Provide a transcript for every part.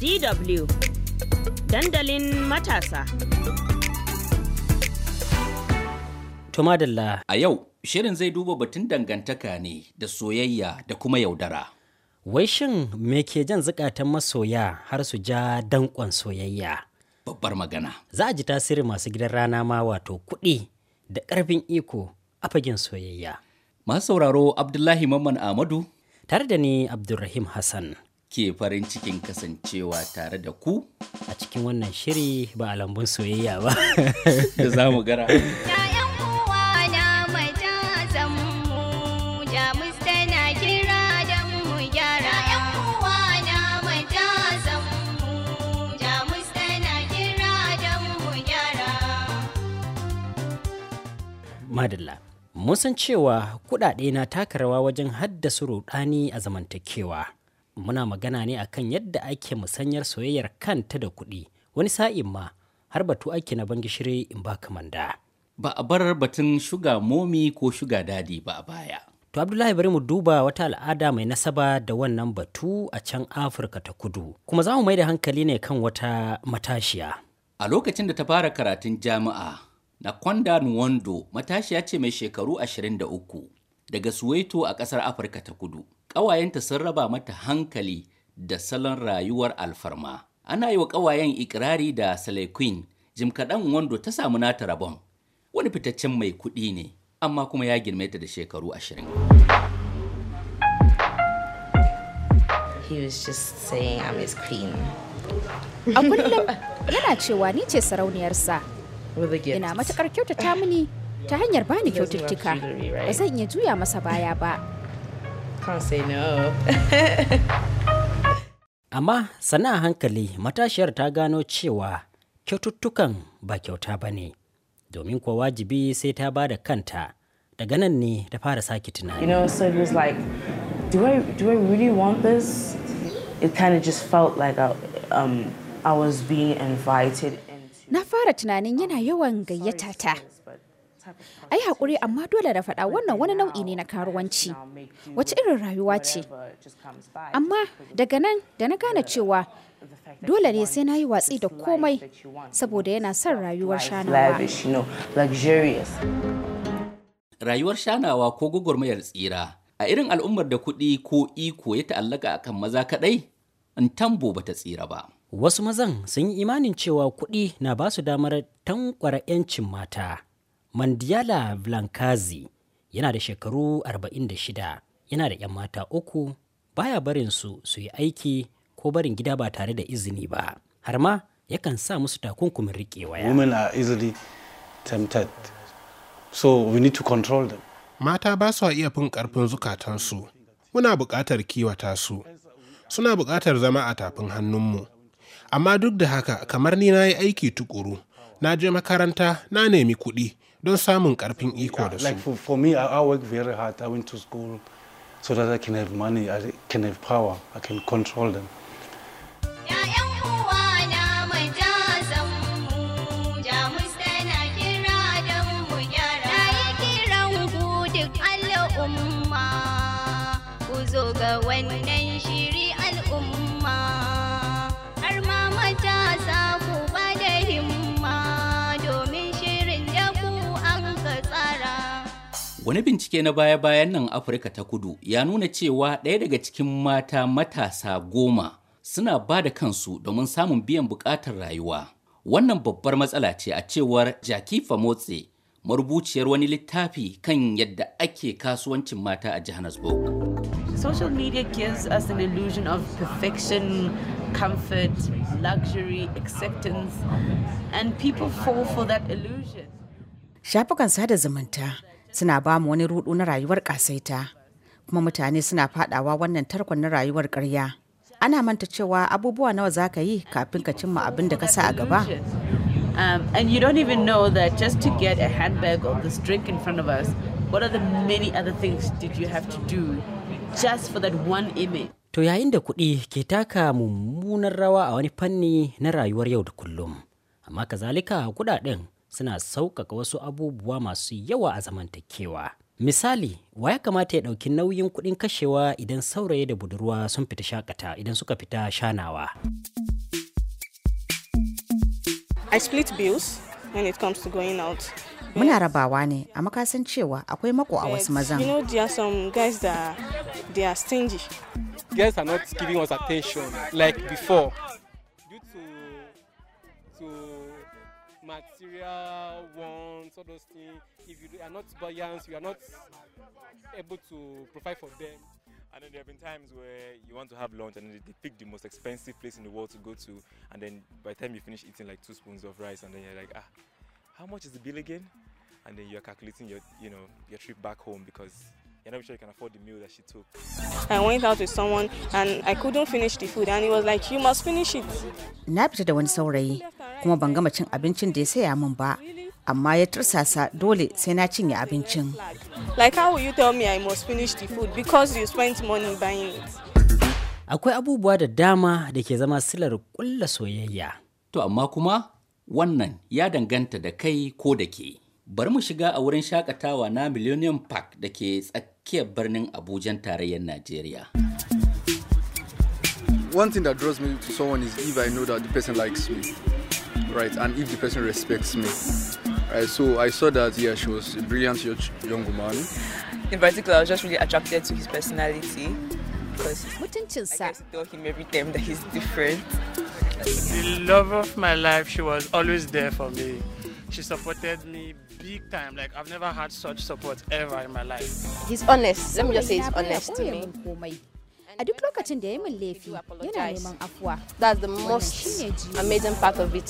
DW dandalin matasa. Tumadalla. A yau, shirin zai duba batun dangantaka ne da soyayya da kuma yaudara. Wai shin me ke jan zukatan masoya har su ja dankon soyayya? Babbar magana. Za a ji tasirin masu gidan rana ma wato kuɗi da ƙarfin iko a fagen soyayya. Masu sauraro Abdullahi Mamman Ahmadu. Tare da ni Abdulrahim Hassan. ke farin cikin kasancewa tare da ku a cikin wannan shiri ba a lambun soyayya ba da za mu gara madalla mun san cewa kuɗaɗe na taka rawa wajen haddasa rudani a zamantakewa muna magana ne akan yadda ake musanyar soyayyar kanta da kuɗi wani sa'in ma har batu ake na ban gishiri in ba kamanda. Ba a bar batun shuga momi ko shuga dadi ba a baya. To Abdullahi bari mu duba wata al'ada mai nasaba da wannan batu a can Afirka ta kudu. Kuma za mu mai da hankali ne kan wata matashiya. A lokacin da ta fara karatun jami'a, Nakonda Nwondo matashiya ce mai shekaru 23 daga Suwaito a ƙasar Afirka ta kudu. ƙawayenta sun raba mata hankali da salon rayuwar alfarma. Ana yi wa ƙawayen ikirari da Sale Queen, jim kaɗan wando ta samu nata rabon. Wani fitaccen mai kuɗi ne, amma kuma ya girme ta da shekaru ashirin. A kullum yana cewa ni ce sarauniyarsa. Ina matuƙar kyautata mini ta hanyar bani kyaututtuka. Ba zan iya juya masa baya ba. Can't say no. Amma sana hankali matashiyar ta gano cewa kyaututtukan ba kyauta ba ne, domin kuwa wajibi sai ta ba da kanta. Daga nan ne ta fara sake tunani. You know, so it was like, do I, do I really want this? It kind of just felt like a, um, I was being invited Na fara tunanin yana yawan gayyata ta. ai haƙuri amma dole da faɗa wannan wani nau'i ne na karuwanci wace irin rayuwa ce amma daga nan da na gane cewa dole ne sai na yi watsi da komai saboda yana son rayuwar shanawa rayuwar shanawa ko gwagwarmayar tsira a irin al'ummar da kuɗi ko iko ya ta'allaka a kan maza kaɗai in tambo bata tsira ba wasu mazan sun yi imanin cewa kuɗi na ba su damar tankwara 'yancin mata Mandiala Blankazi yana da shekaru 46, yana da 'yan mata uku, baya barin su su yi aiki ko barin gida ba tare da izini ba. Har ma yakan sa musu takunkumin riƙe waya. Women are easily tempted. So we need to control them. Mata ba su iya fin ƙarfin zukatansu. Muna buƙatar kiwata su. Suna buƙatar zama a tafin hannunmu. Amma duk da haka kamar ni na yi aiki tukuru. Na je makaranta na nemi kuɗi. don samun karfin iko da su. for me, I, work very hard. I went to school so that I can have money, I can have power, I can control them. Wani bincike na baya-bayan nan Afirka ta kudu ya nuna cewa ɗaya daga cikin mata matasa goma suna ba da kansu domin samun biyan buƙatar rayuwa. Wannan babbar matsala ce a cewar Jaki motse marubuciyar wani littafi kan yadda ake kasuwancin mata a Johannesburg. Social media gives us an illusion of perfection, comfort, luxury, acceptance, and people fall for that illusion. Shafukan sada zumunta suna ba mu wani rudu na rayuwar kasaita kuma mutane suna fadawa wannan tarkon na rayuwar karya ana manta cewa abubuwa nawa za ka yi kafin ka cimma abin da ka sa a gaba Um, and you don't even know that just to a handbag of of us, what are the many things did you have to do just for To yayin da kuɗi ke taka mummunar rawa a wani fanni na rayuwar yau da kullum, amma kazalika kuɗaɗen suna sauƙaƙa wasu abubuwa masu yawa a zamantakewa. Misali, wa ya kamata ya ɗauki nauyin kuɗin kashewa idan saurayi da budurwa sun fita shakata idan suka fita shanawa. I split bills when it comes to going out. muna rabawa ne a makasan cewa akwai mako a wasu mazan you know there are are are some guys that stingy. not giving us attention like before. To, to... material wants, all those things. If you are not balanced, you are not able to provide for them. And then there have been times where you want to have lunch and they pick the most expensive place in the world to go to, and then by the time you finish eating like two spoons of rice, and then you're like, ah, how much is the bill again? And then you're calculating your, you know, your trip back home because you're not sure you can afford the meal that she took. I went out with someone and I couldn't finish the food, and he was like, You must finish it. Na fita da kuma ban gama cin abincin da ya saya min ba amma ya tursasa dole sai na cinye abincin like how you tell me i must finish the food because you spent money buying it akwai abubuwa da dama da ke zama silar kulla soyayya to amma kuma wannan ya danganta da kai ko da ke bari mu shiga a wurin shakatawa na millennium park da ke tsakiyar birnin abujan tarayyar najeriya one thing that draws me to someone is if I know that the person likes me. right? And if the person respects me, right? So I saw that yeah, she was a brilliant young woman. In particular, I was just really attracted to his personality because wouldn't you say? I get tell him every time that he's different. The love of my life, she was always there for me. She supported me big time. Like I've never had such support ever in my life. He's honest. Let me just say he's honest to me. Oh, oh, oh, a duk lokacin da ya min laifi yana neman afuwa that's the most amazing part of it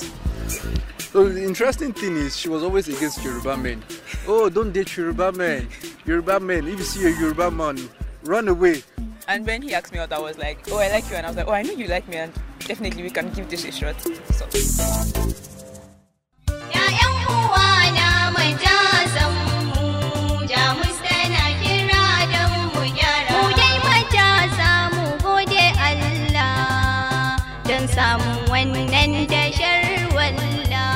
So the interesting thing is she was always against Yoruba men. Oh, don't date Yoruba men. Yoruba men, if you see a Yoruba man, run away. And when he asked me out, I was like, oh, I like you. And I was like, oh, I know you like me. And definitely we can give this a shot. So. nan tashar walla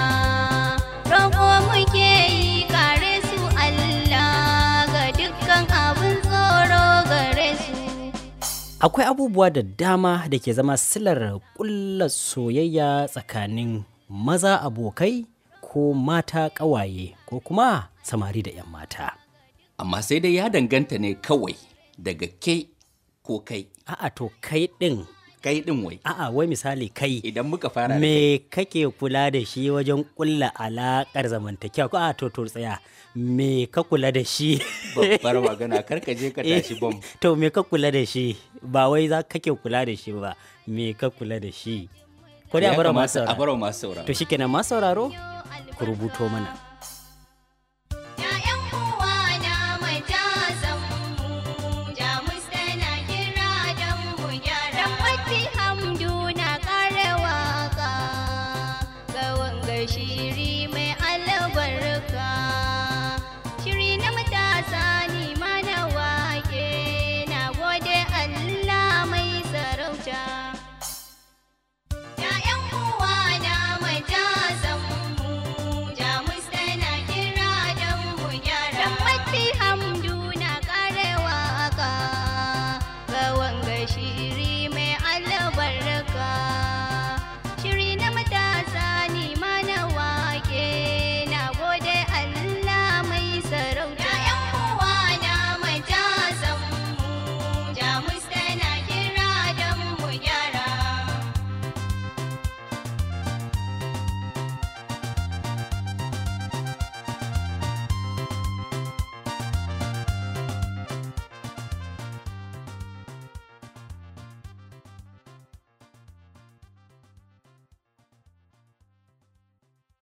roƙo muke yi kare su Allah ga dukkan abin tsoro gare su akwai abubuwa da dama da ke zama silar ƙulla soyayya tsakanin maza abokai ko mata ƙawaye ko kuma samari da 'yan mata amma sai dai ya danganta ne kawai daga ke ko kai a'a to kai ɗin kai din wai a'a wai misali kai idan muka fara me kake kula da shi wajen kulla alakar zamantakewa ko a to to tsaya me ka kula da shi babbar magana kar ka je ka eh, tashi bom to me ka kula da shi ba wai za kake kula da shi ba me ka kula da shi ko dai a bar masu sauraro to shikenan masu sauraro ku rubuto mana